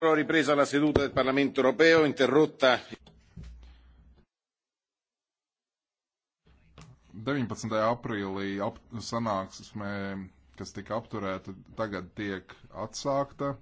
Ho ripresa la seduta del Parlamento europeo interrotta 19. aprīlī ap, sanāksme, kas tika apturēta, tagad tiek atsākta.